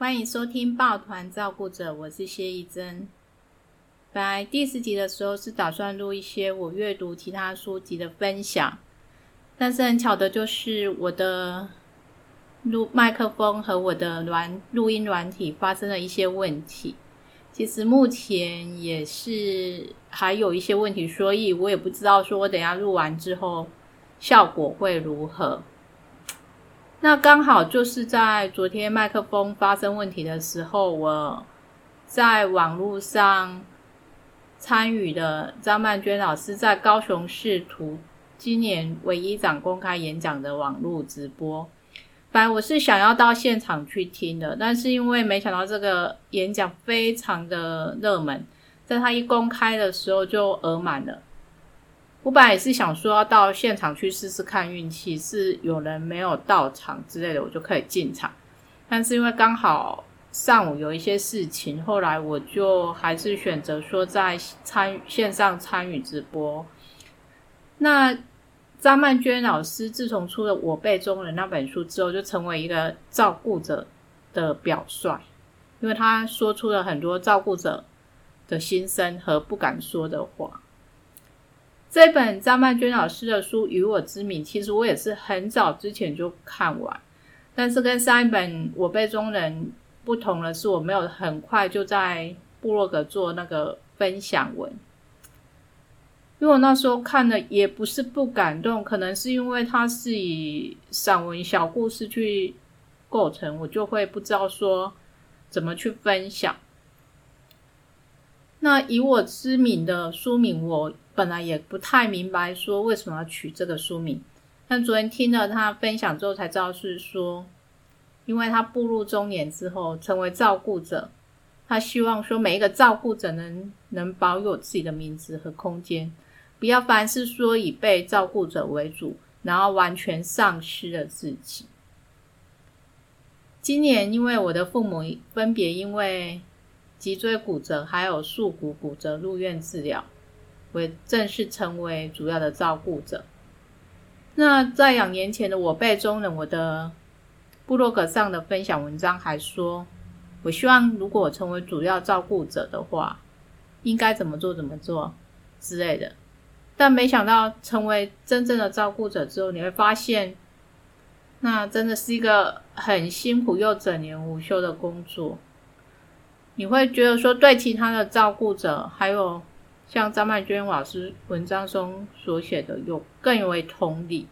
歡迎收聽《抱團照顧者》，我是謝宜珍。本來第十集的時候是打算錄一些我閱讀其他書籍的分享，但是很巧的就是我的錄麥克風和我的軟錄音軟體發生了一些問題。其實目前也是還有一些問題，所以我也不知道說我等下錄完之後效果會如何。那剛好就是在昨天麥克風發生問題的時候，我在網絡上參與的張曼娟老師在高雄市圖今年唯一場公開演講的網絡直播。本來我是想要到現場去聽的，但是因為沒想到這個演講非常的熱門，在他一公開的時候就額滿了。我本來也是想說，要到現場去試試看運氣，是有人沒有到場之類的，我就可以進場。但是因為剛好上午有一些事情，後來我就還是選擇說在參與線上參與直播。那張曼娟老師自從出了《我輩中人》那本書之後，就成為一個照顧者的表率，因為他說出了很多照顧者的心聲和不敢說的話。這本張曼娟老師的書《以我之名》，其實我也是很早之前就看完，但是跟上一本《我輩中人》不同的是，我沒有很快就在部落格做那個分享文，因為我那時候看的也不是不感動，可能是因為它是以散文小故事去構成，我就會不知道說怎麼去分享。那以我之名的書名，我本來也不太明白說為什麼要取這個書名，但昨天聽了他分享之後，才知道是說，因為他步入中年之後成為照顧者，他希望說每一個照顧者能能保有自己的名字和空間，不要凡事說以被照顧者為主，然後完全喪失了自己。今年因為我的父母分別因為，脊椎骨折，還有鎖骨骨折，入院治療，我正式成為主要的照顧者。那在兩年前的我背中呢，我的部落格上的分享文章還說，我希望如果我成為主要照顧者的話，應該怎麼做怎麼做之類的。但沒想到成為真正的照顧者之後，你會發現，那真的是一個很辛苦又整年無休的工作。你會覺得說，對其他的照顧者，還有像張曼娟老師文章中所寫的有更為同理。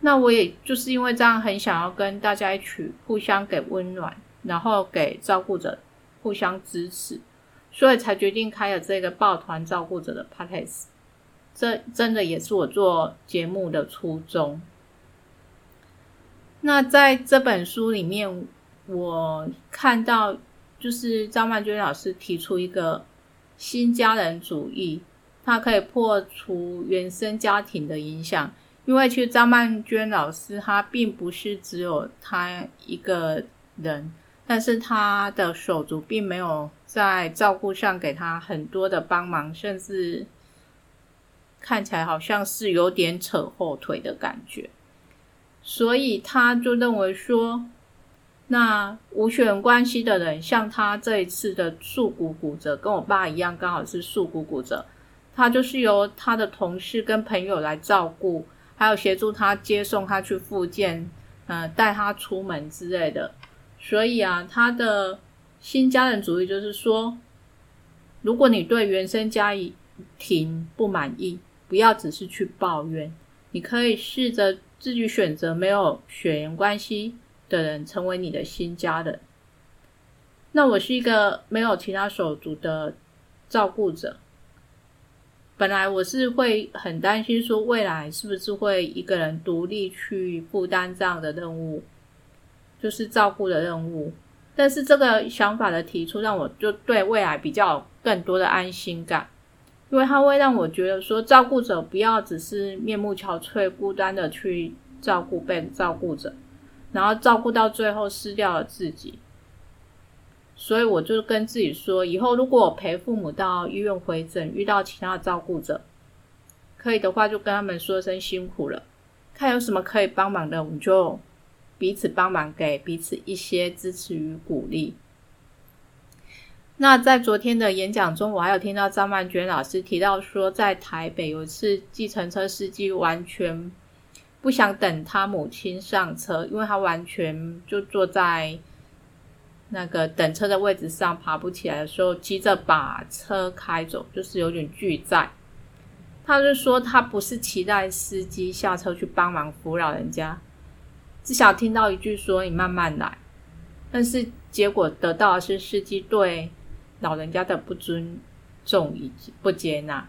那我也就是因為這樣，很想要跟大家一起互相給溫暖，然後給照顧者互相支持，所以才決定開了這個抱團照顧者的 podcast。這真的也是我做節目的初衷。那在這本書裡面，我看到。就是張曼娟老師提出一個新家人主義，他可以破除原生家庭的影響。因為其實張曼娟老師她並不是只有她一個人，但是她的手足並沒有在照顧上給她很多的幫忙，甚至看起來好像是有點扯後腿的感覺，所以他就認為說。那無血緣關係的人，像他這一次的股骨骨折，跟我爸一樣，剛好是股骨骨折。他就是由他的同事跟朋友來照顧，還有協助他接送他去復健，嗯、呃，帶他出門之類的。所以啊，他的新家人主義就是說，如果你對原生家庭不滿意，不要只是去抱怨，你可以試着自己選擇沒有血緣關係。的人成為你的新家人。那我是一個沒有其他手足的照顧者。本來我是會很擔心說未來是不是會一個人獨立去負擔這樣的任務，就是照顧的任務。但是這個想法的提出，讓我就對未來比較有更多的安心感，因為它會讓我覺得說，照顧者不要只是面目憔悴、孤單的去照顧被照顧者。然後照顧到最後失掉了自己，所以我就跟自己說，以後如果我陪父母到醫院回診，遇到其他的照顧者，可以的話就跟他們說聲辛苦了，看有什麼可以幫忙的，我們就彼此幫忙，給彼此一些支持與鼓勵。那在昨天的演講中，我還有聽到張曼娟老師提到說，在台北有一次計程車司機完全。不想等他母親上車，因為他完全就坐在那個等車的位置上爬不起來的時候，急着把車開走，就是有點拒載。他就說他不是期待司機下車去幫忙扶老人家，只想聽到一句說“你慢慢來”，但是結果得到的是司機對老人家的不尊重以及不接納，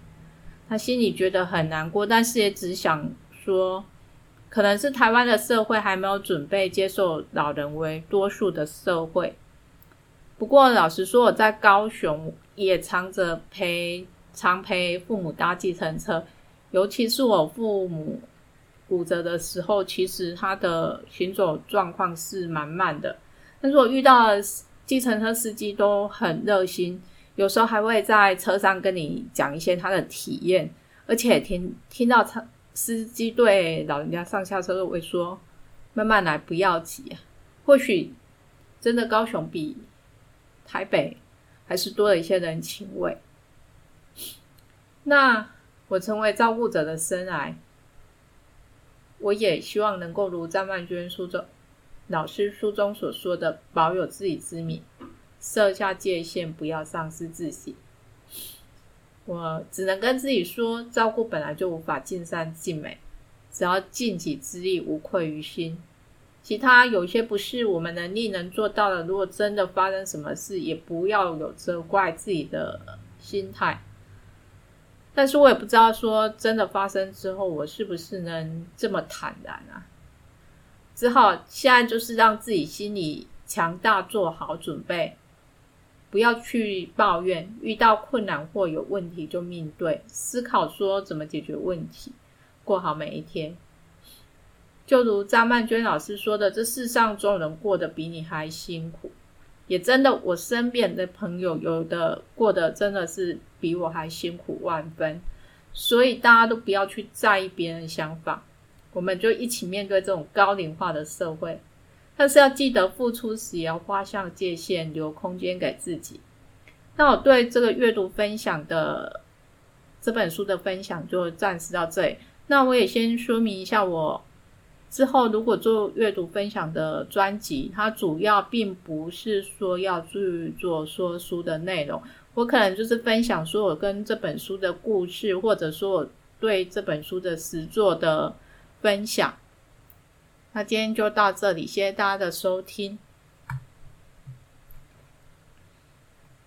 他心裡覺得很難過，但是也只想說。可能是台灣的社會還沒有準備接受老人為多數的社會。不過，老實說，我在高雄也常着陪常陪父母搭計程車，尤其是我父母骨折的時候，其實他的行走狀況是蠻慢的。但是我遇到計程車司機都很熱心，有時候還會在車上跟你講一些他的體驗，而且聽聽到他。司機對老人家上下車都會說：“慢慢來，不要急啊。”或許真的高雄比台北還是多了一些人情味。那我成為照顧者的生涯，我也希望能夠如張曼娟書中老師書中所說的，保有自己之名，設下界限，不要喪失自信。我只能跟自己說，照顧本來就無法盡善盡美，只要盡己之力，無愧於心。其他有些不是我們能力能做到的，如果真的發生什麼事，也不要有責怪自己的心態。但是我也不知道說真的發生之後，我是不是能這麼坦然啊？只好現在就是讓自己心裡強大，做好準備。不要去抱怨，遇到困難或有問題就面對，思考說怎麼解決問題，過好每一天。就如張曼娟老師說的，這世上總有人過得比你還辛苦，也真的，我身邊的朋友有的過得真的是比我還辛苦萬分，所以大家都不要去在意別人的想法，我們就一起面對這種高齡化的社會。但是要記得付出時也要劃下界限，留空間給自己。那我對這個閱讀分享的這本書的分享就暫時到這裡。那我也先說明一下，我之後如果做閱讀分享的專輯，它主要並不是說要去做說書的內容，我可能就是分享說我跟這本書的故事，或者說我對這本書的實作的分享。那今天就到這裡，謝謝大家的收聽。